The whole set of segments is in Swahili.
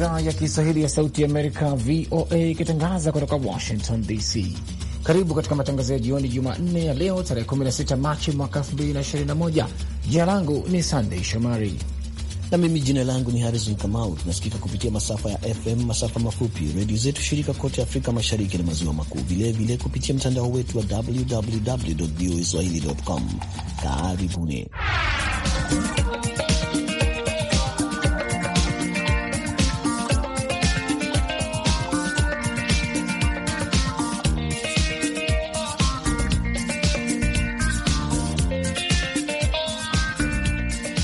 idhaa ya Kiswahili ya Sauti Amerika, VOA, ikitangaza kutoka Washington DC. Karibu katika matangazo ya jioni Jumanne ya leo tarehe 16 Machi mwaka 2021. Jina langu ni Sandei Shomari na mimi jina langu ni Harrison Kamau. Tunasikika kupitia masafa ya FM, masafa mafupi, redio zetu shirika kote Afrika Mashariki na Maziwa Makuu, vilevile kupitia mtandao wetu wa www voaswahili.com. Karibuni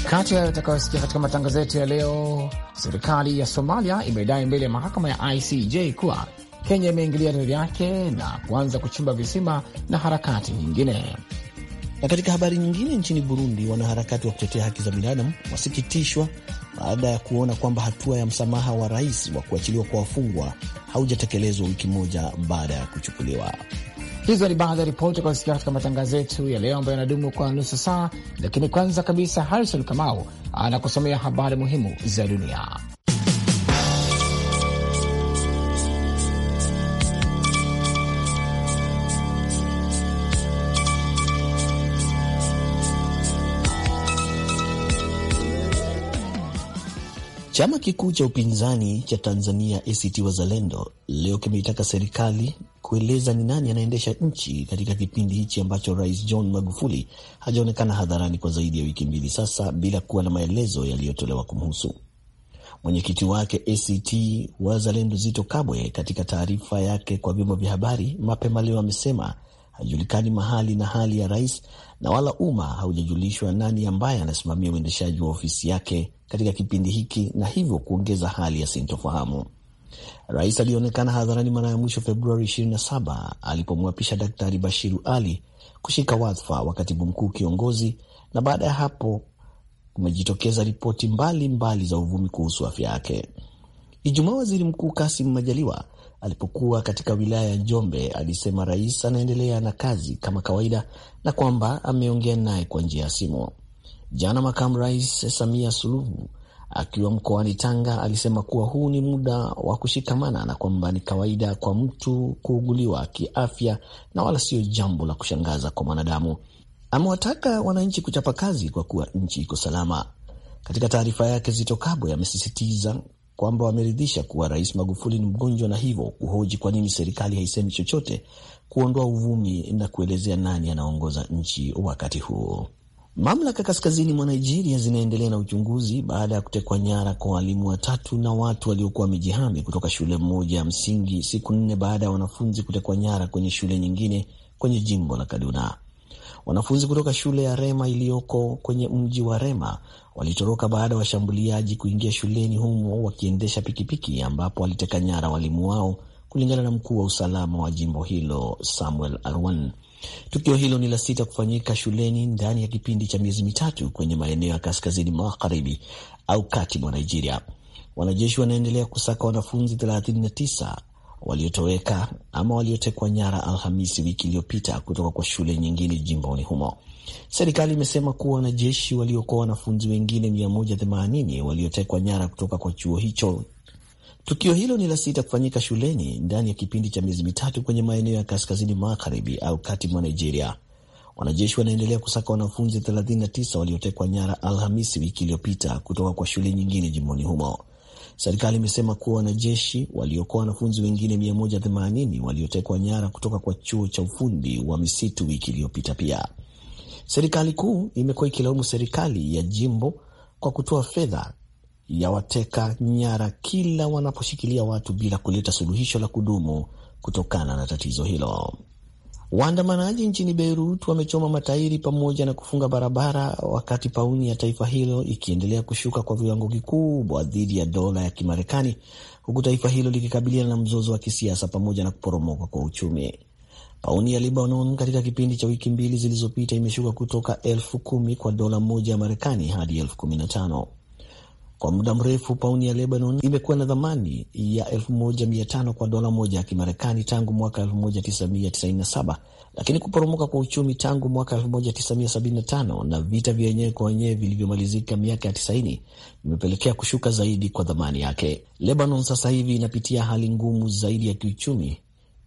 Kati ya yatakayosikia katika matangazo yetu ya leo, serikali ya Somalia imedai mbele ya mahakama ya ICJ kuwa Kenya imeingilia reli yake na kuanza kuchimba visima na harakati nyingine. Na katika habari nyingine, nchini Burundi, wanaharakati wa kutetea haki za binadamu wasikitishwa baada ya kuona kwamba hatua ya msamaha wa rais wa kuachiliwa kwa wafungwa haujatekelezwa wiki moja baada ya kuchukuliwa. Hizo ni baadhi ya ripoti kusikia katika matangazo yetu ya leo ambayo yanadumu kwa nusu saa, lakini kwanza kabisa, Harrison Kamau anakusomea habari muhimu za dunia. Chama kikuu cha upinzani cha Tanzania ACT Wazalendo leo kimeitaka serikali kueleza ni nani anaendesha nchi katika kipindi hichi ambacho Rais John Magufuli hajaonekana hadharani kwa zaidi ya wiki mbili sasa, bila kuwa na maelezo yaliyotolewa kumhusu. Mwenyekiti wake ACT Wazalendo Zito Kabwe, katika taarifa yake kwa vyombo vya habari mapema leo, amesema haijulikani mahali na hali ya rais, na wala umma haujajulishwa nani ambaye anasimamia uendeshaji wa ofisi yake katika kipindi hiki, na hivyo kuongeza hali ya sintofahamu. Rais alionekana hadharani mara ya mwisho Februari 27 alipomwapisha Daktari Bashiru Ali kushika wadhifa wa katibu mkuu kiongozi, na baada ya hapo kumejitokeza ripoti mbalimbali za uvumi kuhusu afya yake. Ijumaa, waziri mkuu Kasim Majaliwa alipokuwa katika wilaya ya Njombe alisema rais anaendelea na kazi kama kawaida na kwamba ameongea naye kwa njia ya simu. Jana makamu rais Samia Suluhu akiwa mkoani Tanga alisema kuwa huu ni muda wa kushikamana na kwamba ni kawaida kwa mtu kuuguliwa kiafya na wala sio jambo la kushangaza kwa mwanadamu. Amewataka wananchi kuchapa kazi kwa kuwa nchi iko salama. Katika taarifa yake, Zito Kabwe amesisitiza kwamba wameridhisha kuwa Rais Magufuli ni mgonjwa na hivyo kuhoji kwa nini serikali haisemi chochote kuondoa uvumi na kuelezea nani anaongoza nchi wakati huo. Mamlaka kaskazini mwa Nigeria zinaendelea na uchunguzi baada ya kutekwa nyara kwa walimu watatu na watu waliokuwa wamejihami kutoka shule moja ya msingi siku nne baada ya wanafunzi kutekwa nyara kwenye shule nyingine kwenye jimbo la Kaduna. Wanafunzi kutoka shule ya Rema iliyoko kwenye mji wa Rema walitoroka baada ya washambuliaji kuingia shuleni humo wakiendesha pikipiki, ambapo waliteka nyara walimu wao, kulingana na mkuu wa usalama wa jimbo hilo Samuel Arwan. Tukio hilo ni la sita kufanyika shuleni ndani ya kipindi cha miezi mitatu kwenye maeneo ya kaskazini magharibi au kati mwa Nigeria. Wanajeshi wanaendelea kusaka wanafunzi 39 waliotoweka ama waliotekwa nyara Alhamisi wiki iliyopita kutoka kwa shule nyingine jimboni humo. Serikali imesema kuwa wanajeshi waliokoa wanafunzi wengine 180 waliotekwa nyara kutoka kwa chuo hicho. Tukio hilo ni la sita kufanyika shuleni ndani ya kipindi cha miezi mitatu kwenye maeneo ya kaskazini magharibi au kati mwa Nigeria. Wanajeshi wanaendelea kusaka wanafunzi 39 waliotekwa nyara Alhamisi wiki iliyopita kutoka kwa shule nyingine jimboni humo. Serikali imesema kuwa wanajeshi waliokoa wanafunzi wengine 180 waliotekwa nyara kutoka kwa chuo cha ufundi wa misitu wiki iliyopita. Pia serikali kuu imekuwa ikilaumu serikali ya jimbo kwa kutoa fedha ya wateka nyara kila wanaposhikilia watu bila kuleta suluhisho la kudumu kutokana na tatizo hilo. Waandamanaji nchini Beirut wamechoma matairi pamoja na kufunga barabara, wakati pauni ya taifa hilo ikiendelea kushuka kwa viwango vikubwa dhidi ya dola ya Kimarekani, huku taifa hilo likikabiliana na mzozo wa kisiasa pamoja na kuporomoka kwa uchumi. Pauni ya Lebanon katika kipindi cha wiki mbili zilizopita imeshuka kutoka elfu kumi kwa dola moja ya Marekani hadi elfu kumi na tano. Kwa muda mrefu pauni ya Lebanon imekuwa na thamani ya 1500 kwa dola moja ya Kimarekani tangu mwaka 1997, lakini kuporomoka kwa uchumi tangu mwaka 1975 na vita vya wenyewe kwa wenyewe vilivyomalizika miaka ya 90 vimepelekea kushuka zaidi kwa thamani yake. Lebanon sasa hivi inapitia hali ngumu zaidi ya kiuchumi,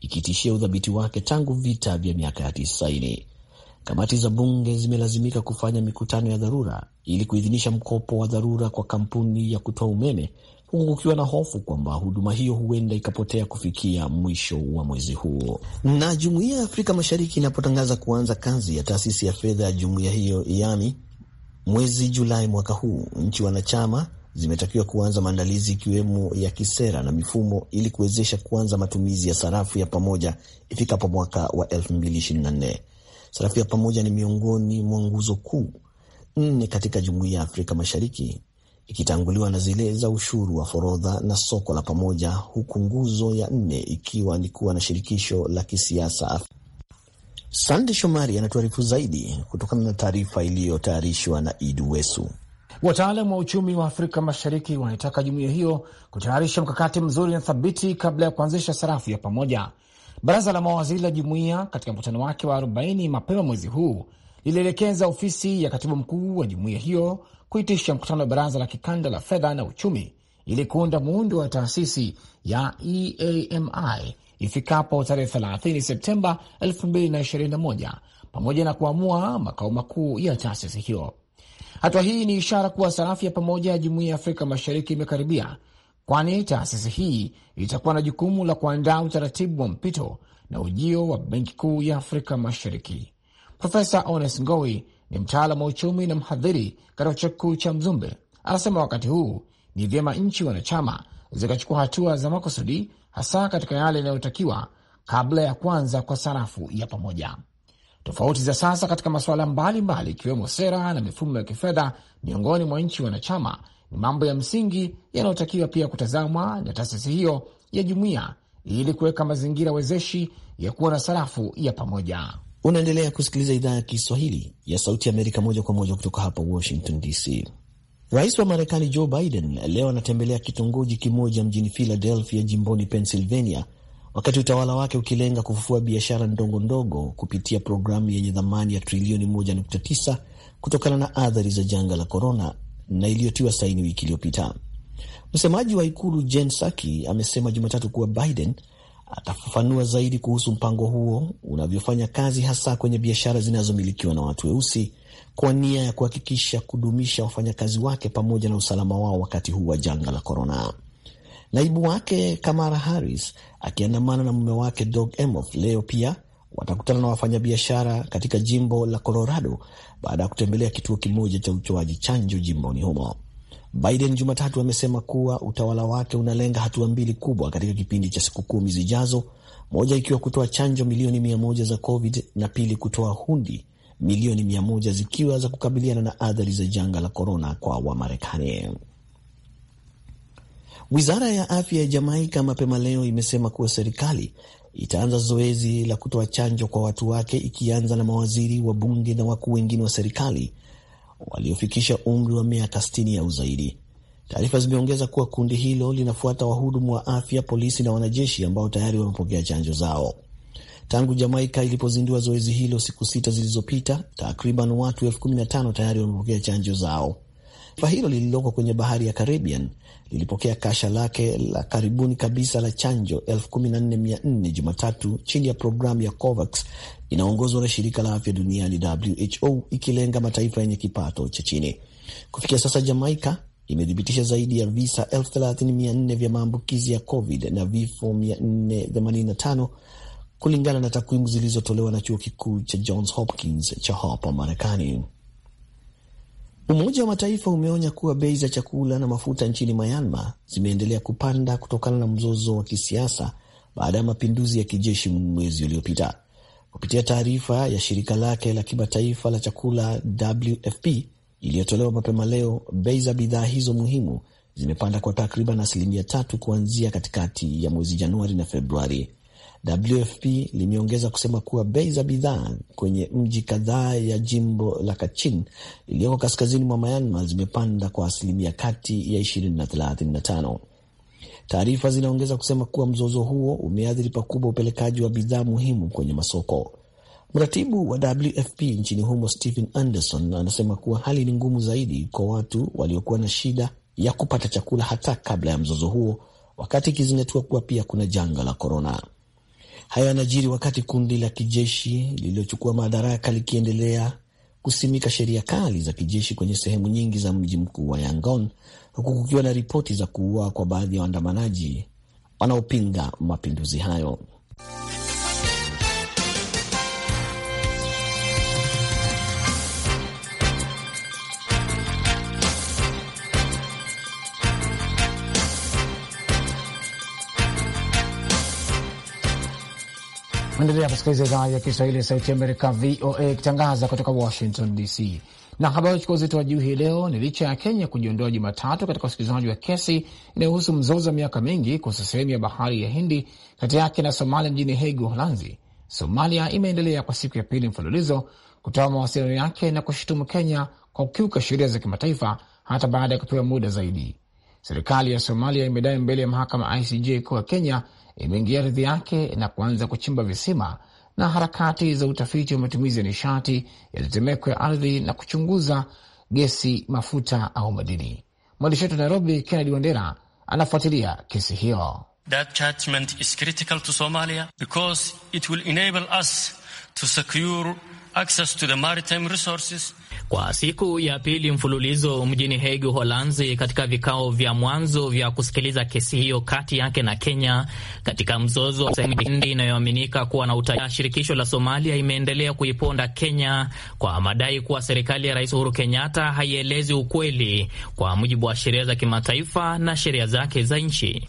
ikitishia udhabiti wake tangu vita vya miaka ya 90. Kamati za bunge zimelazimika kufanya mikutano ya dharura ili kuidhinisha mkopo wa dharura kwa kampuni ya kutoa umeme, huku kukiwa na hofu kwamba huduma hiyo huenda ikapotea kufikia mwisho wa mwezi huo. Na jumuiya ya Afrika Mashariki inapotangaza kuanza kazi ya taasisi ya fedha ya jumuiya hiyo, yani mwezi Julai mwaka huu, nchi wanachama zimetakiwa kuanza maandalizi ikiwemo ya kisera na mifumo ili kuwezesha kuanza matumizi ya sarafu ya pamoja ifikapo mwaka wa 2024. Sarafu ya pamoja ni miongoni mwa nguzo kuu nne katika Jumuiya ya Afrika Mashariki, ikitanguliwa na zile za ushuru wa forodha na soko la pamoja, huku nguzo ya nne ikiwa ni kuwa na shirikisho la kisiasa. Sande Shomari anatuarifu zaidi kutokana na taarifa iliyotayarishwa na Idu Wesu. Wataalam wa uchumi wa Afrika Mashariki wanaitaka jumuiya hiyo kutayarisha mkakati mzuri na thabiti kabla ya kuanzisha sarafu ya pamoja Baraza la mawaziri la jumuiya katika mkutano wake wa 40 mapema mwezi huu lilielekeza ofisi ya katibu mkuu wa jumuiya hiyo kuitisha mkutano wa baraza la kikanda la fedha na uchumi ili kuunda muundo wa taasisi ya EAMI ifikapo tarehe 30 Septemba 2021 pamoja na kuamua makao makuu ya taasisi hiyo. Hatua hii ni ishara kuwa sarafu ya pamoja ya jumuiya ya Afrika Mashariki imekaribia kwani taasisi hii itakuwa na jukumu la kuandaa utaratibu wa mpito na ujio wa Benki Kuu ya Afrika Mashariki. Profesa Ones Ngowi ni mtaalam wa uchumi na mhadhiri katika chuo kikuu cha Mzumbe. Anasema wakati huu ni vyema nchi wanachama zikachukua hatua za makusudi, hasa katika yale yanayotakiwa kabla ya kwanza kwa sarafu ya pamoja. Tofauti za sasa katika masuala mbalimbali ikiwemo sera na mifumo ya kifedha miongoni mwa nchi wanachama mambo ya msingi yanayotakiwa pia kutazamwa na taasisi hiyo ya jumuiya ili kuweka mazingira wezeshi ya kuwa na sarafu ya pamoja. Unaendelea kusikiliza idhaa ya Kiswahili ya Sauti ya Amerika moja kwa moja kutoka hapa Washington DC. Rais wa Marekani Joe Biden leo anatembelea kitongoji kimoja mjini Philadelphia, jimboni Pennsylvania, wakati utawala wake ukilenga kufufua biashara ndogo ndogo kupitia programu yenye thamani ya trilioni 1.9 kutokana na athari za janga la korona na iliyotiwa saini wiki iliyopita. Msemaji wa ikulu Jen Psaki amesema Jumatatu kuwa Biden atafafanua zaidi kuhusu mpango huo unavyofanya kazi, hasa kwenye biashara zinazomilikiwa na watu weusi, kwa nia ya kuhakikisha kudumisha wafanyakazi wake pamoja na usalama wao wakati huu wa janga la korona. Naibu wake Kamala Harris akiandamana na mume wake Doug Emhoff leo pia watakutana na wafanyabiashara katika jimbo la Colorado baada ya kutembelea kituo kimoja cha utoaji chanjo jimboni humo. Biden Jumatatu amesema kuwa utawala wake unalenga hatua mbili kubwa katika kipindi cha siku kumi zijazo, moja ikiwa kutoa chanjo milioni mia moja za COVID na pili kutoa hundi milioni mia moja zikiwa za kukabiliana na athari za janga la korona kwa Wamarekani. Wizara ya afya ya Jamaika mapema leo imesema kuwa serikali itaanza zoezi la kutoa chanjo kwa watu wake ikianza na mawaziri wa bunge na wakuu wengine wa serikali waliofikisha umri wa miaka 60 au zaidi. Taarifa zimeongeza kuwa kundi hilo linafuata wahudumu wa afya, polisi na wanajeshi ambao tayari wamepokea chanjo zao. Tangu Jamaika ilipozindua zoezi hilo siku sita zilizopita, takriban watu elfu kumi na tano tayari wamepokea chanjo zao. Taifa hilo lililoko kwenye bahari ya Caribbean lilipokea kasha lake la karibuni kabisa la chanjo 14400 Jumatatu chini ya programu ya COVAX inaongozwa na shirika la afya duniani WHO ikilenga mataifa yenye kipato cha chini. Kufikia sasa Jamaika imethibitisha zaidi ya visa 34,400 vya maambukizi ya COVID na vifo 485 kulingana na takwimu zilizotolewa na chuo kikuu cha Johns Hopkins cha hapa Marekani. Umoja wa Mataifa umeonya kuwa bei za chakula na mafuta nchini Myanmar zimeendelea kupanda kutokana na mzozo wa kisiasa baada ya mapinduzi ya kijeshi mwezi uliopita. Kupitia taarifa ya shirika lake la kimataifa la chakula WFP iliyotolewa mapema leo, bei za bidhaa hizo muhimu zimepanda kwa takriban asilimia tatu kuanzia katikati ya mwezi Januari na Februari. WFP limeongeza kusema kuwa bei za bidhaa kwenye mji kadhaa ya jimbo la Kachin iliyoko kaskazini mwa Myanmar zimepanda kwa asilimia kati ya 20 na 35. Taarifa zinaongeza kusema kuwa mzozo huo umeathiri pakubwa upelekaji wa bidhaa muhimu kwenye masoko. Mratibu wa WFP nchini humo Stephen Anderson anasema kuwa hali ni ngumu zaidi kwa watu waliokuwa na shida ya kupata chakula hata kabla ya mzozo huo, wakati ikizingatiwa kuwa pia kuna janga la korona. Hayo yanajiri wakati kundi la kijeshi lililochukua madaraka likiendelea kusimika sheria kali za kijeshi kwenye sehemu nyingi za mji mkuu wa Yangon, huku kukiwa na ripoti za kuuawa kwa baadhi ya waandamanaji wanaopinga mapinduzi hayo. Endelea kusikiliza idhaa ya Kiswahili ya Sauti Amerika, VOA, ikitangaza kutoka Washington DC. Na habari chukua uzito wa juu hii leo ni licha ya Kenya kujiondoa Jumatatu katika usikilizaji wa kesi inayohusu mzozo wa miaka mingi kuhusu sehemu ya bahari ya Hindi kati yake na Somalia mjini Hegu, Uholanzi. Somalia imeendelea kwa siku ya pili mfululizo kutoa mawasiliano yake na kushutumu Kenya kwa kukiuka sheria za kimataifa hata baada ya kupewa muda zaidi. Serikali ya Somalia imedai mbele ya mahakama ICJ kuwa Kenya imeingia ardhi yake na kuanza kuchimba visima na harakati za utafiti wa matumizi ya nishati ya tetemeko ya ardhi na kuchunguza gesi, mafuta au madini. Mwandishi wetu Nairobi, Kennedy Wandera, anafuatilia kesi hiyo. Kwa siku ya pili mfululizo mjini Hague, Uholanzi, katika vikao vya mwanzo vya kusikiliza kesi hiyo kati yake na Kenya katika mzozo wa Hindi inayoaminika kuwa na utaya, shirikisho la Somalia imeendelea kuiponda Kenya kwa madai kuwa serikali ya Rais Uhuru Kenyatta haielezi ukweli kwa mujibu wa sheria za kimataifa na sheria zake za nchi.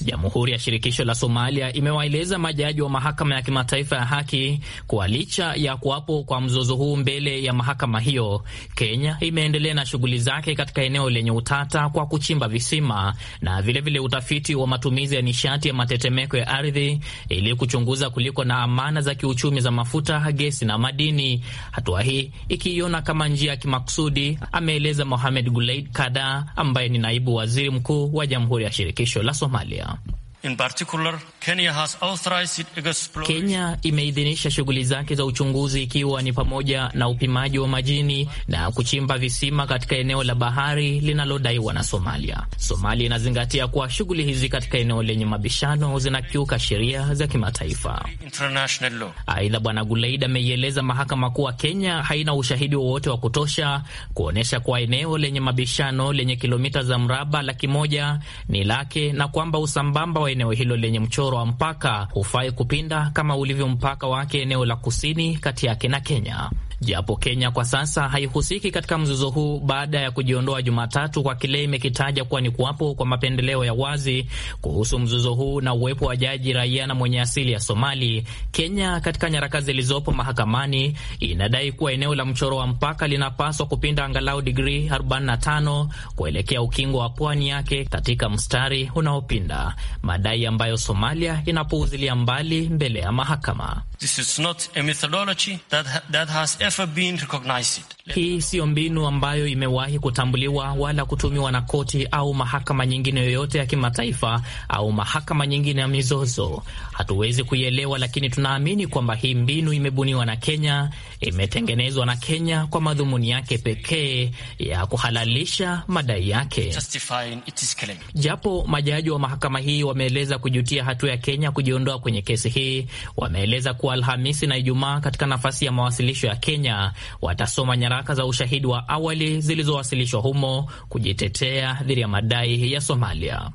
Jamhuri ya Shirikisho la Somalia imewaeleza majaji wa Mahakama ya Kimataifa ya Haki kwa kuwa licha ya kuwapo kwa mzozo huu mbele ya mahakama hiyo, Kenya imeendelea na shughuli zake katika eneo lenye utata kwa kuchimba visima na vilevile vile utafiti wa matumizi ya nishati ya matetemeko ya ardhi ili kuchunguza kuliko na amana za kiuchumi za mafuta, gesi na madini, hatua hii ikiiona kama njia ya kimakusudi, ameeleza Mohamed Guleid Kada ambaye ni naibu waziri mkuu wa Jamhuri ya Shirikisho la Somalia. In particular, Kenya has authorized exploration. Kenya imeidhinisha shughuli zake za uchunguzi ikiwa ni pamoja na upimaji wa majini na kuchimba visima katika eneo la bahari linalodaiwa na Somalia. Somalia inazingatia kuwa shughuli hizi katika eneo lenye mabishano zinakiuka sheria za kimataifa. Aidha, Bwana Guleid ameieleza mahakama kuwa Kenya haina ushahidi wowote wa kutosha kuonyesha kuwa eneo lenye mabishano lenye kilomita za mraba laki moja ni lake na kwamba usambamba wa eneo hilo lenye mchoro wa mpaka hufai kupinda kama ulivyo mpaka wake eneo la kusini kati yake na Kenya. Japo Kenya kwa sasa haihusiki katika mzozo huu baada ya kujiondoa Jumatatu kwa kile imekitaja kuwa ni kuwapo kwa mapendeleo ya wazi kuhusu mzozo huu na uwepo wa jaji raia na mwenye asili ya Somali, Kenya katika nyaraka zilizopo mahakamani inadai kuwa eneo la mchoro wa mpaka linapaswa kupinda angalau digrii 45 kuelekea ukingo wa pwani yake katika mstari unaopinda madai ambayo Somalia inapuuzilia mbali mbele ya mahakama. Hii siyo mbinu ambayo imewahi kutambuliwa wala kutumiwa na koti au mahakama nyingine yoyote ya kimataifa au mahakama nyingine ya mizozo. Hatuwezi kuielewa, lakini tunaamini kwamba hii mbinu imebuniwa na Kenya, imetengenezwa na Kenya kwa madhumuni yake pekee ya kuhalalisha madai yake, japo majaji wa mahakama hii wame wameeleza kujutia hatua ya Kenya kujiondoa kwenye kesi hii. Wameeleza kuwa Alhamisi na Ijumaa, katika nafasi ya mawasilisho ya Kenya, watasoma nyaraka za ushahidi wa awali zilizowasilishwa humo kujitetea dhidi ya madai ya Somalia.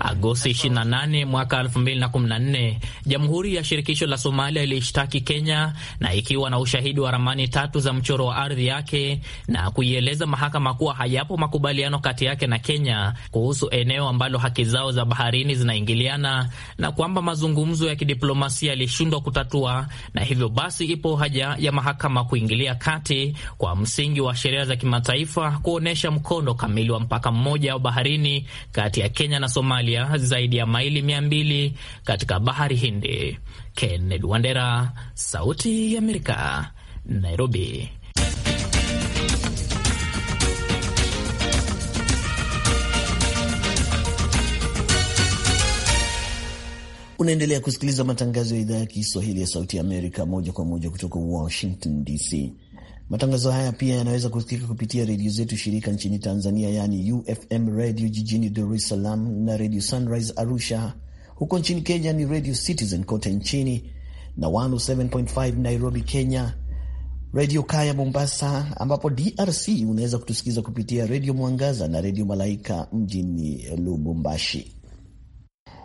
Agosti 28 mwaka 2014, Jamhuri ya Shirikisho la Somalia iliishtaki Kenya na ikiwa na ushahidi wa ramani tatu za mchoro wa ardhi yake na kuieleza mahakama kuwa hayapo makubaliano kati yake na Kenya kuhusu eneo ambalo haki zao za baharini zinaingiliana na kwamba mazungumzo ya kidiplomasia yalishindwa kutatua, na hivyo basi ipo haja ya mahakama kuingilia kati kwa msingi wa sheria za kimataifa kuonyesha mkondo kamili wa mpaka mmoja wa baharini kati ya Kenya na Somalia zaidi ya maili mia mbili katika bahari Hindi. Kennedy Wandera, Sauti ya Amerika, Nairobi. Unaendelea kusikiliza matangazo ya idhaa ya Kiswahili ya Sauti Amerika moja kwa moja kutoka Washington DC. Matangazo haya pia yanaweza kusikika kupitia redio zetu shirika nchini Tanzania, yaani UFM Radio jijini Dar es Salaam na redio Sunrise Arusha. Huko nchini Kenya ni radio Citizen kote nchini na 107.5 Nairobi, Kenya, redio Kaya Mombasa, ambapo DRC unaweza kutusikiza kupitia redio Mwangaza na redio Malaika mjini Lubumbashi.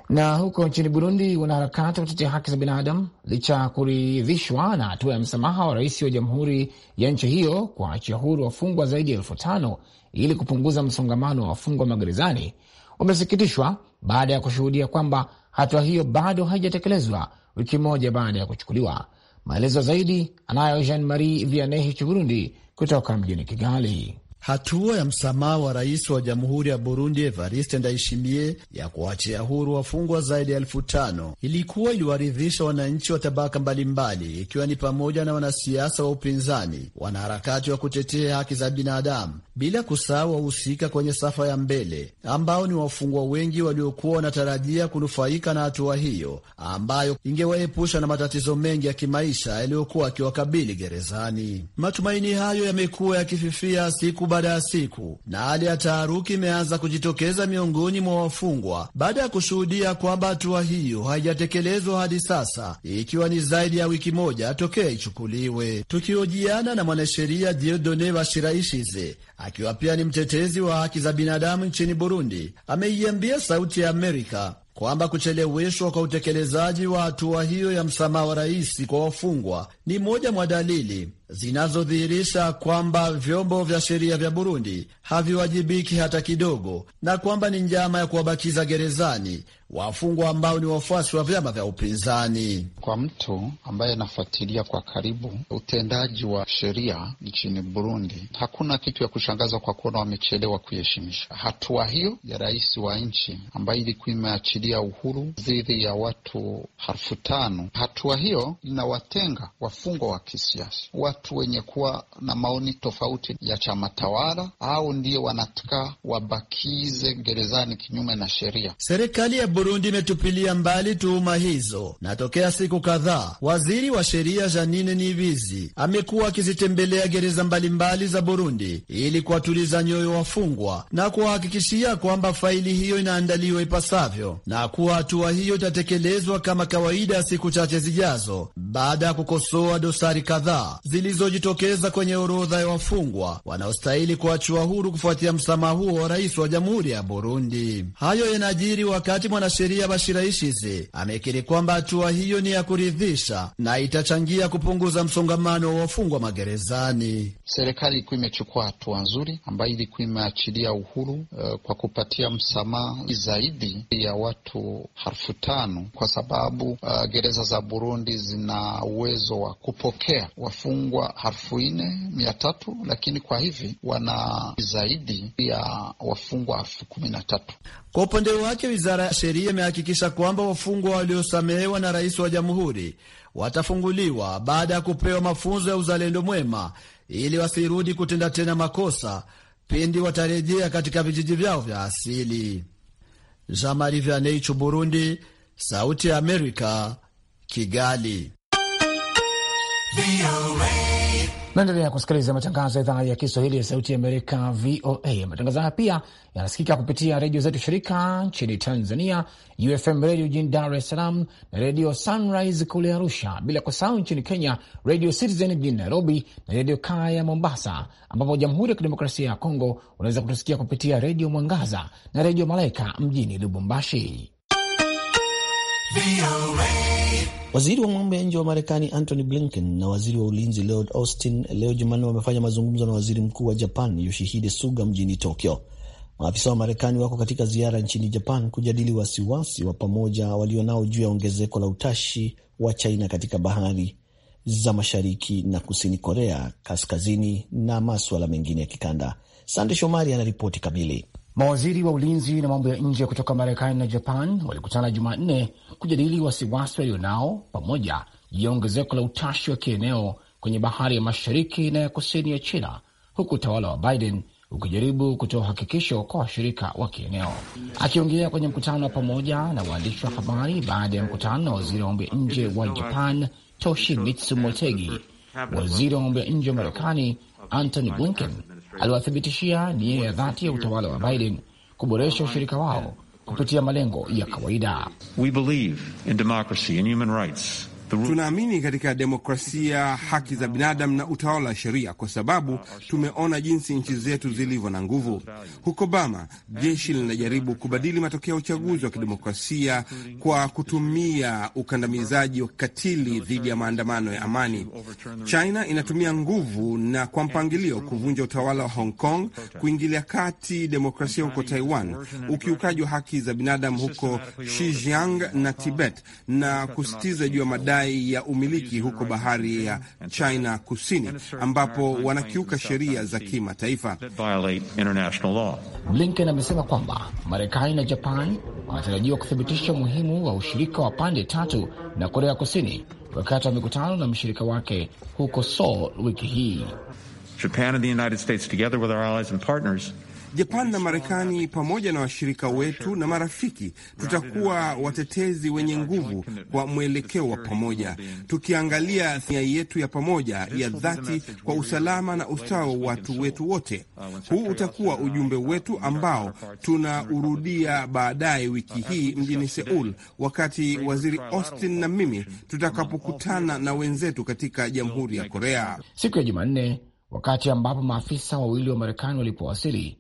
Na huko nchini Burundi, wanaharakati wa kutetea haki za binadamu, licha ya kuridhishwa na hatua ya msamaha wa rais wa jamhuri ya nchi hiyo kuachia huru wafungwa zaidi ya elfu tano ili kupunguza msongamano wa wafungwa magerezani, wamesikitishwa baada ya kushuhudia kwamba hatua hiyo bado haijatekelezwa wiki moja baada ya kuchukuliwa. Maelezo zaidi anayo Jean Marie Vianehi Burundi kutoka mjini Kigali. Hatua ya msamaha wa rais wa jamhuri ya Burundi Evariste Ndayishimiye ya kuachia huru wafungwa zaidi ya elfu tano ilikuwa iliwaridhisha wananchi wa tabaka mbalimbali, ikiwa ni pamoja na wanasiasa wa upinzani, wanaharakati wa kutetea haki za binadamu, bila kusahau wahusika kwenye safa ya mbele ambao ni wafungwa wengi waliokuwa wanatarajia kunufaika na hatua hiyo ambayo ingewaepusha na matatizo mengi ya kimaisha yaliyokuwa akiwakabili gerezani. Matumaini hayo yamekuwa yakififia siku baada ya siku, na hali ya taharuki imeanza kujitokeza miongoni mwa wafungwa baada ya kushuhudia kwamba hatua hiyo haijatekelezwa hadi sasa, ikiwa ni zaidi ya wiki moja tokea ichukuliwe. Tukihojiana na mwanasheria Diedone Bashiraishize, akiwa pia ni mtetezi wa haki za binadamu nchini Burundi, ameiambia Sauti ya Amerika kwamba kucheleweshwa kwa utekelezaji wa hatua hiyo ya msamaha wa rais kwa wafungwa ni moja mwa dalili zinazodhihirisha kwamba vyombo vya sheria vya Burundi haviwajibiki hata kidogo na kwamba ni njama ya kuwabakiza gerezani wafungwa ambao ni wafuasi wa vyama vya upinzani. Kwa mtu ambaye anafuatilia kwa karibu utendaji wa sheria nchini Burundi, hakuna kitu ya kushangaza kwa kuona wamechelewa kuiheshimisha hatua hiyo ya rais wa nchi ambayo ilikuwa imeachilia uhuru dhidi ya watu elfu tano. Hatua hiyo inawatenga wafungwa wa kisiasa watu wenye kuwa na maoni tofauti ya chama tawala au ndio wanataka wabakize gerezani kinyume na sheria. Serikali ya Burundi imetupilia mbali tuhuma hizo, na tokea siku kadhaa waziri wa sheria Janine Nibizi amekuwa akizitembelea gereza mbalimbali za Burundi ili kuwatuliza nyoyo wafungwa na kuwahakikishia kwamba faili hiyo inaandaliwa ipasavyo na kuwa hatua hiyo itatekelezwa kama kawaida ya siku chache zijazo baada ya kukosoa dosari kadhaa zili zilizojitokeza kwenye orodha ya wafungwa wanaostahili kuachiwa huru kufuatia msamaha huo wa rais wa jamhuri ya Burundi. Hayo yanajiri wakati mwanasheria bashiraishizi amekiri kwamba hatua hiyo ni ya kuridhisha na itachangia kupunguza msongamano wa wafungwa magerezani. Serikali ilikuwa imechukua hatua nzuri ambayo ilikuwa imeachilia uhuru uh, kwa kupatia msamaha zaidi ya watu elfu tano kwa sababu uh, gereza za Burundi zina uwezo wa kupokea wafungwa kwa elfu nne mia tatu lakini kwa hivi wana zaidi ya wafungwa elfu kumi na tatu. Kwa upande wake, wizara ya sheria imehakikisha kwamba wafungwa waliosamehewa na rais wa jamhuri watafunguliwa baada ya kupewa mafunzo ya uzalendo mwema ili wasirudi kutenda tena makosa pindi watarejea katika vijiji vyao vya asili. Jamari marie Vianney Burundi, Sauti ya Amerika, Kigali. Naendelea kusikiliza matangazo ya idhaa ya Kiswahili ya Sauti ya Amerika, VOA. Matangazo haya pia yanasikika kupitia redio zetu shirika nchini Tanzania, UFM Redio jijini Dar es Salaam na Redio Sunrise kule Arusha, bila kusahau nchini Kenya, Redio Citizen jijini Nairobi na Redio Kaya Mombasa, ambapo Jamhuri ya Kidemokrasia ya Kongo unaweza kutusikia kupitia Redio Mwangaza na Redio Malaika mjini Lubumbashi. Waziri wa mambo ya nje wa Marekani Antony Blinken na waziri wa ulinzi Lloyd Austin leo Jumanne wamefanya mazungumzo na waziri mkuu wa Japan Yoshihide Suga mjini Tokyo. Maafisa wa Marekani wako katika ziara nchini Japan kujadili wasiwasi wa pamoja walionao juu ya ongezeko la utashi wa China katika bahari za mashariki na kusini, Korea kaskazini na maswala mengine ya kikanda. Sande Shomari anaripoti kamili. Mawaziri wa ulinzi na mambo ya nje kutoka Marekani na Japan walikutana Jumanne kujadili wasiwasi walionao pamoja juu ya ongezeko la utashi wa kieneo kwenye bahari ya mashariki na ya kusini ya China, huku utawala wa Biden ukijaribu kutoa uhakikisho kwa washirika wa kieneo. Akiongea kwenye mkutano wa pamoja na waandishi wa habari baada ya mkutano na waziri wa mambo ya nje wa Japan Mitsu Motegi, waziri wa mambo ya nje wa Marekani Antony Blinken aliwathibitishia nia ya dhati ya utawala wa Biden kuboresha ushirika wao kupitia malengo ya kawaida. We believe in democracy and human rights. Tunaamini katika demokrasia, haki za binadamu na utawala wa sheria, kwa sababu tumeona jinsi nchi zetu zilivyo na nguvu. Huko Bama, jeshi linajaribu kubadili matokeo ya uchaguzi wa kidemokrasia kwa kutumia ukandamizaji wa kikatili dhidi ya maandamano ya amani. China inatumia nguvu na kwa mpangilio kuvunja utawala wa Hong Kong, kuingilia kati demokrasia huko Taiwan, ukiukaji wa haki za binadamu huko Xinjiang na Tibet, na kusitiza juu ya madai madai ya umiliki huko bahari ya China Kusini, ambapo wanakiuka sheria za kimataifa. Blinken amesema kwamba Marekani na Japan wanatarajiwa kuthibitisha umuhimu wa ushirika wa pande tatu na Korea Kusini wakati wa mikutano na mshirika wake huko Seoul wiki hii. Japan and the United States together with our allies and partners Japan na Marekani pamoja na washirika wetu na marafiki, tutakuwa watetezi wenye nguvu kwa mwelekeo wa pamoja, tukiangalia nia yetu ya pamoja ya dhati kwa usalama na ustawi wa watu wetu wote. Huu utakuwa ujumbe wetu ambao tunaurudia baadaye wiki hii mjini Seul, wakati waziri Austin na mimi tutakapokutana na wenzetu katika Jamhuri ya Korea siku ya Jumanne, wakati ambapo maafisa wawili wa Marekani walipowasili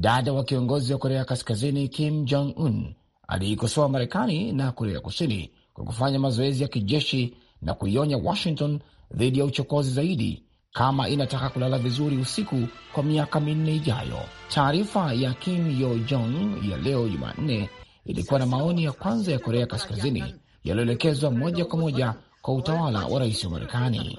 Dada wa kiongozi wa Korea Kaskazini Kim Jong Un aliikosoa Marekani na Korea Kusini kwa kufanya mazoezi ya kijeshi na kuionya Washington dhidi ya uchokozi zaidi kama inataka kulala vizuri usiku kwa miaka minne ijayo. Taarifa ya Kim Yo Jong ya leo Jumanne ilikuwa na maoni ya kwanza ya Korea Kaskazini yaliyoelekezwa moja kwa moja kwa utawala wa rais wa Marekani.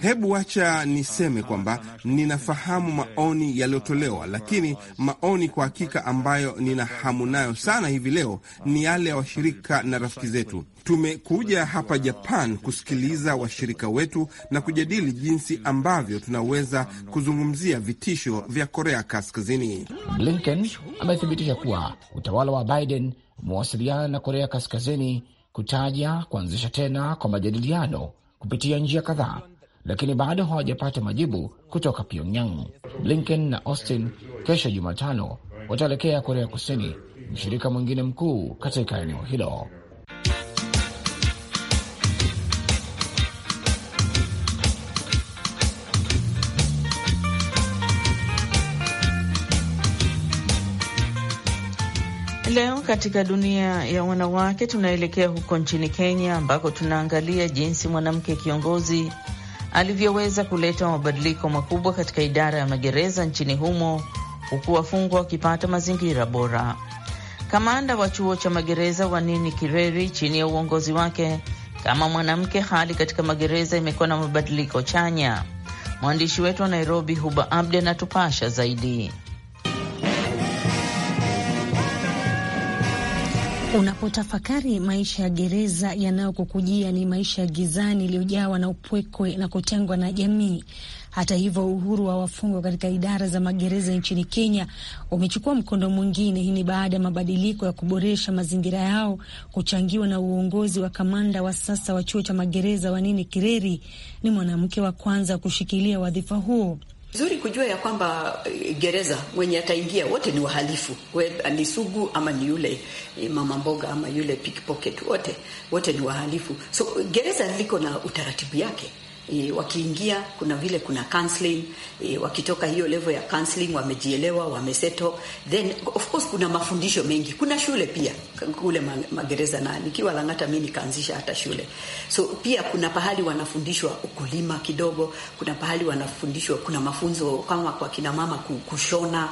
Hebu wacha niseme kwamba ninafahamu maoni yaliyotolewa, lakini maoni kwa hakika ambayo nina hamu nayo sana hivi leo ni yale ya wa washirika na rafiki zetu. Tumekuja hapa Japan kusikiliza washirika wetu na kujadili jinsi ambavyo tunaweza kuzungumzia vitisho vya Korea Kaskazini. Blinken amethibitisha kuwa utawala wa Biden umewasiliana na Korea Kaskazini kutaja kuanzisha tena kwa majadiliano kupitia njia kadhaa, lakini bado hawajapata majibu kutoka Pyongyang. Blinken na Austin kesho Jumatano wataelekea Korea Kusini, mshirika mwingine mkuu katika eneo hilo. Leo katika dunia ya wanawake tunaelekea huko nchini Kenya ambako tunaangalia jinsi mwanamke kiongozi alivyoweza kuleta mabadiliko makubwa katika idara ya magereza nchini humo huku wafungwa wakipata mazingira bora. Kamanda wa chuo cha magereza Wanini Kireri, chini ya uongozi wake kama mwanamke, hali katika magereza imekuwa na mabadiliko chanya. Mwandishi wetu wa Nairobi, Huba Abdi, anatupasha zaidi. Unapotafakari maisha ya gereza yanayokukujia ni maisha ya gizani iliyojawa na upwekwe na kutengwa na jamii. Hata hivyo, uhuru wa wafungwa katika idara za magereza nchini Kenya umechukua mkondo mwingine. Hii ni baada ya mabadiliko ya kuboresha mazingira yao kuchangiwa na uongozi wa kamanda wa sasa wa chuo cha magereza Wanini Kireri. Ni mwanamke wa kwanza kushikilia wadhifa huo. Vizuri kujua ya kwamba eh, gereza mwenye ataingia wote ni wahalifu, ni sugu ama ni yule eh, mama mboga ama yule pickpocket, wote wote ni wahalifu. So gereza liko na utaratibu yake E, wakiingia kuna vile kuna counseling e, wakitoka hiyo level ya counseling wamejielewa, wameseto, then of course kuna mafundisho mengi, kuna shule pia kule magereza, na nikiwa Lang'ata mimi nikaanzisha hata shule. So pia kuna pahali wanafundishwa ukulima kidogo, kuna pahali wanafundishwa, kuna mafunzo kama kwa kina mama kushona,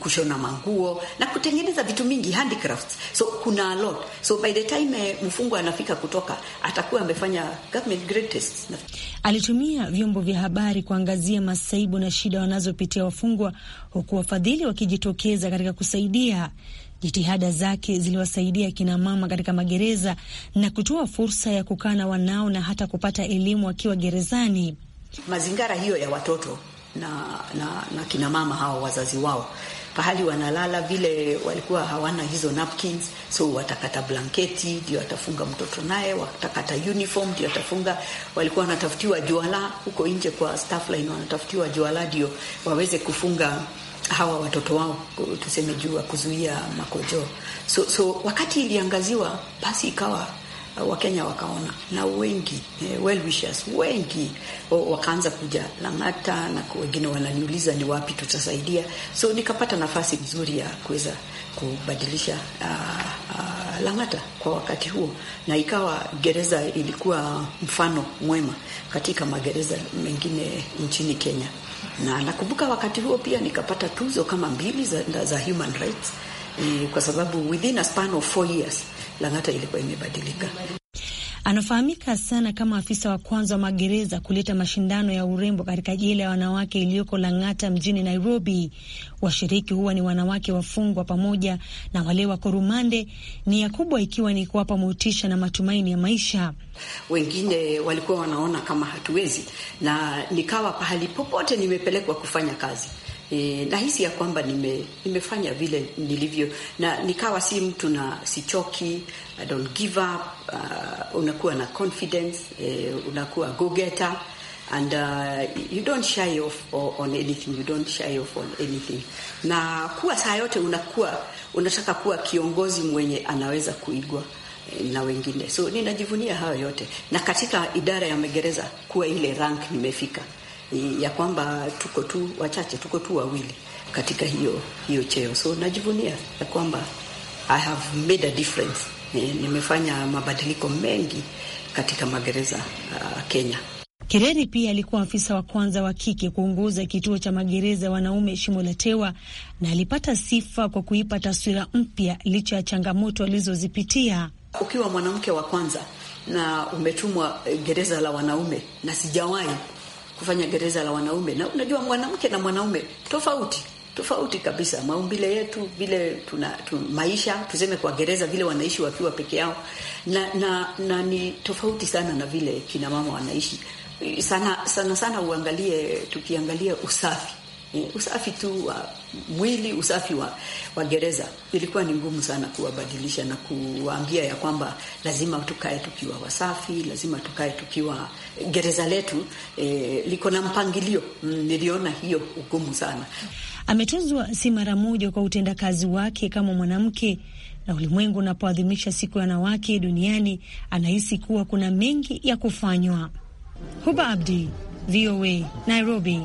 kushona manguo na kutengeneza vitu mingi handicrafts, so kuna a lot. So by the time eh, mfungwa anafika kutoka, atakuwa amefanya government grade test alitumia vyombo vya habari kuangazia masaibu na shida wanazopitia wafungwa, huku wafadhili wakijitokeza katika kusaidia. Jitihada zake ziliwasaidia kina mama katika magereza na kutoa fursa ya kukaa na wanao na hata kupata elimu wakiwa gerezani. Mazingira hiyo ya watoto na, na, na kina mama wazazi wao pahali wanalala, vile walikuwa hawana hizo napkins, so watakata blanketi ndio watafunga mtoto naye, watakata uniform ndio atafunga. Walikuwa wanatafutiwa juala huko nje kwa staff line, wanatafutiwa juala ndio waweze kufunga hawa watoto wao, tuseme juu ya kuzuia makojoo. So, so wakati iliangaziwa basi ikawa Wakenya wakaona na wengi eh, well wishers wengi wakaanza kuja Lang'ata, na wengine wananiuliza ni wapi tutasaidia, so nikapata nafasi nzuri ya kuweza kubadilisha uh, uh, Lang'ata kwa wakati huo, na ikawa gereza ilikuwa mfano mwema katika magereza mengine nchini Kenya, na nakumbuka wakati huo pia nikapata tuzo kama mbili za, za human rights ni kwa sababu within a span of 4 years Lang'ata ilikuwa imebadilika. Anafahamika sana kama afisa wa kwanza wa magereza kuleta mashindano ya urembo katika jela ya wanawake iliyoko Lang'ata mjini Nairobi. Washiriki huwa ni wanawake wafungwa pamoja na wale wako rumande, ya kubwa ikiwa ni kuwapa motisha na matumaini ya maisha. Wengine walikuwa wanaona kama hatuwezi, na nikawa pahali popote nimepelekwa kufanya kazi E, nahisi ya kwamba nime, nimefanya vile nilivyo na nikawa si mtu na sichoki. I don't give up. Uh, unakuwa na confidence e, unakuwa go getter and uh, you don't shy off on anything, you don't shy off on anything. Na kuwa saa yote unakuwa unataka kuwa kiongozi mwenye anaweza kuigwa e, na wengine, so ninajivunia hayo yote, na katika idara ya magereza kuwa ile rank nimefika ya kwamba tuko tu wachache, tuko tu wawili katika hiyo hiyo cheo, so najivunia ya kwamba I have made a difference. Nimefanya mabadiliko mengi katika magereza uh, Kenya. Kereri pia alikuwa afisa wa kwanza wa kike kuongoza kituo cha magereza ya wanaume Shimo la Tewa, na alipata sifa kwa kuipa taswira mpya licha ya changamoto alizozipitia. Ukiwa mwanamke wa kwanza na umetumwa gereza la wanaume, na sijawahi kufanya gereza la wanaume. Na unajua mwanamke na mwanaume tofauti tofauti kabisa, maumbile yetu, vile tuna tu, maisha tuseme, kwa gereza vile wanaishi wakiwa peke yao, na, na, na ni tofauti sana na vile kina mama wanaishi sana sana sana. Uangalie, tukiangalia usafi usafi tu wa mwili, usafi wa, wa gereza. Ilikuwa ni ngumu sana kuwabadilisha na kuwaambia ya kwamba lazima tukae tukiwa wasafi, lazima tukae tukiwa. Eh, gereza letu e, liko na mpangilio. Mm, niliona hiyo ugumu sana. Ametuzwa si mara moja kwa utendakazi wake kama mwanamke na ulimwengu unapoadhimisha siku ya wanawake duniani, anahisi kuwa kuna mengi ya kufanywa. Huba Abdi, VOA, Nairobi.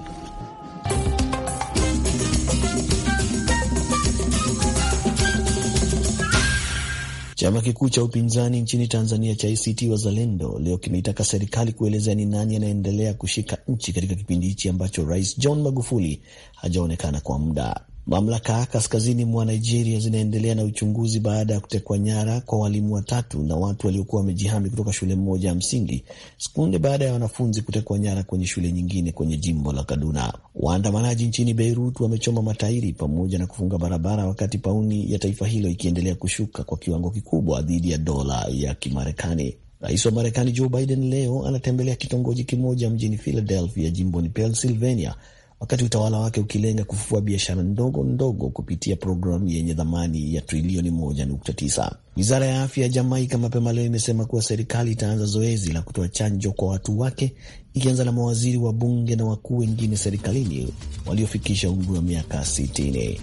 Chama kikuu cha upinzani nchini Tanzania cha ACT Wazalendo leo kimeitaka serikali kuelezea ni nani anaendelea kushika nchi katika kipindi hichi ambacho Rais John Magufuli hajaonekana kwa muda. Mamlaka kaskazini mwa Nigeria zinaendelea na uchunguzi baada ya kutekwa nyara kwa walimu watatu na watu waliokuwa wamejihami kutoka shule moja ya msingi sekunde baada ya wanafunzi kutekwa nyara kwenye shule nyingine kwenye jimbo la Kaduna. Waandamanaji nchini Beirut wamechoma matairi pamoja na kufunga barabara, wakati pauni ya taifa hilo ikiendelea kushuka kwa kiwango kikubwa dhidi ya dola ya Kimarekani. Rais wa Marekani Joe Biden leo anatembelea kitongoji kimoja mjini Philadelphia, jimboni Pennsylvania wakati utawala wake ukilenga kufufua biashara ndogo ndogo kupitia programu yenye thamani ya trilioni 1.9. Wizara ya afya ya Jamaika mapema leo imesema kuwa serikali itaanza zoezi la kutoa chanjo kwa watu wake, ikianza na mawaziri wa bunge na wakuu wengine serikalini waliofikisha umri wa miaka 60.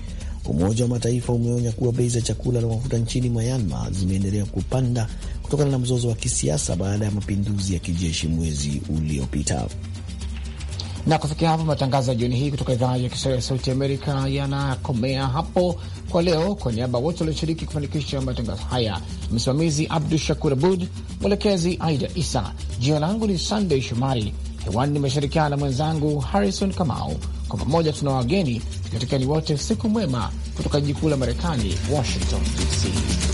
Umoja wa Mataifa umeonya kuwa bei za chakula na mafuta nchini Myanmar zimeendelea kupanda kutokana na mzozo wa kisiasa baada ya mapinduzi ya kijeshi mwezi uliopita. Na kufikia hapo matangazo ya jioni hii kutoka idhaa ya Kiswahili ya Sauti Amerika yanakomea hapo kwa leo. Kwa niaba ya wote walioshiriki kufanikisha matangazo haya, msimamizi Abdu Shakur Abud, mwelekezi Aida Isa, jina langu ni Sandey Shomari. Hewani nimeshirikiana na mwenzangu Harrison Kamau. Kwa pamoja tuna wageni tukiwatakieni wote siku mwema kutoka jiji kuu la Marekani, Washington DC.